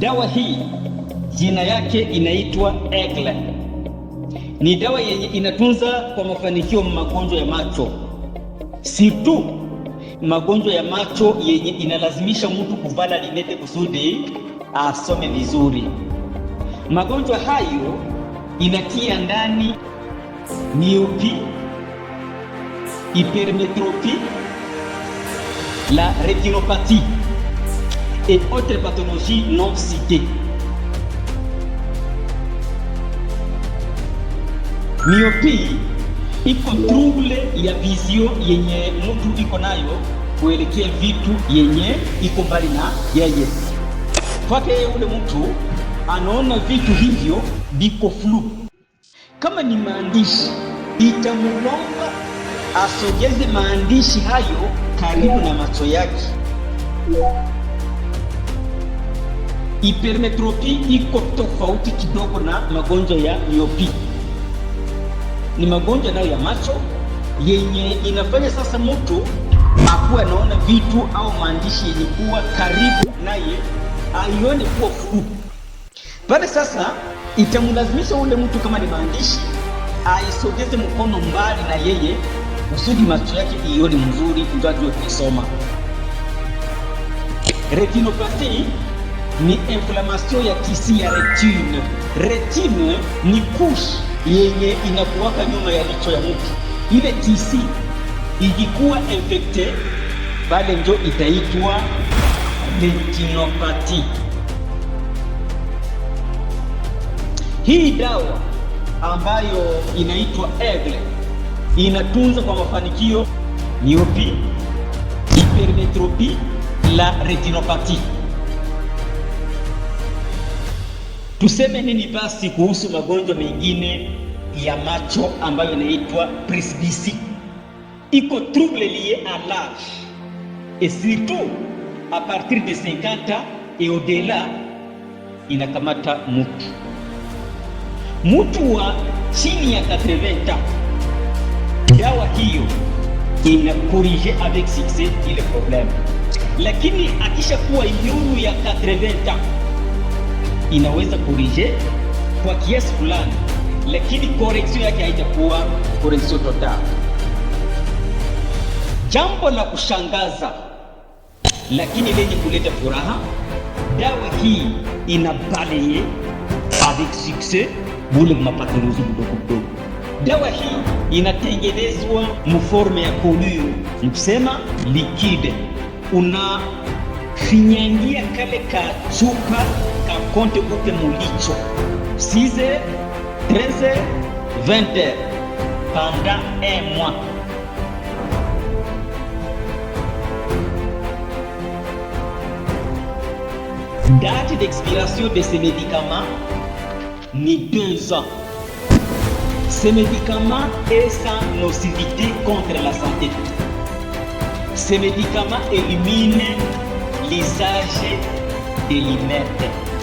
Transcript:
Dawa hii jina yake inaitwa Egle. Ni dawa yenye inatunza kwa mafanikio magonjwa ya macho, si tu magonjwa ya macho yenye inalazimisha mtu kuvala linete kusudi asome vizuri. Magonjwa hayo inatia ndani miopi, hipermetropi, la retinopati et autres pathologies non citées. Myopia iko trouble ya vizio yenye mtu iko nayo kuelekea vitu yenye iko mbali na yeye kwake. Yeye ule mtu anaona vitu hivyo viko flu, kama ni maandishi itamulomba asogeze maandishi hayo karibu na macho yake. Hipermetropia iko tofauti kidogo na magonjwa ya miopi. Ni magonjwa nayo ya macho yenye inafanya sasa mtu akuwa anaona vitu au maandishi yenye kuwa karibu naye aione kuwa furu pale. Sasa itamlazimisha ule mtu, kama ni maandishi, aisogeze mkono mbali na yeye kusudi macho yake ione mzuri, ndio ajue kusoma retinopathy ni inflammation ya tisi ya retine. Retine ni kush yenye inakuwaka nyuma ya licho ya mtu. Ile tisi ikikuwa infekte, bale njo itaitwa retinopati. Hii dawa ambayo inaitwa Aigle inatunza kwa mafanikio miopi, hipermetropi la retinopati. Tuseme nini basi kuhusu magonjwa mengine ya macho ambayo inaitwa presbycie? Iko trouble lié à l'âge et surtout à partir de 50 et au-delà, inakamata mtu mtu wa chini ya 80 Dawa hiyo inakorige avec succès ile problème, lakini akishakuwa yulu ya 80 inaweza kurije kwa kiasi fulani, lakini koreksio yake haitakuwa koreksio total. Jambo la kushangaza lakini lenye kuleta furaha, dawa hii ina balaye avec succes bule mapatanuzi mdogo mdogo. Dawa hii inatengenezwa muforme ya kolio, nikusema likide una 6 kale kachupa kakonte lit. 6 heures, 13 20 pendant un e mois Date d'expiration de ces médicaments, ni deux ans. Ces médicaments est sans nocivité contre la santé. Ces médicaments éliminent les des limettes.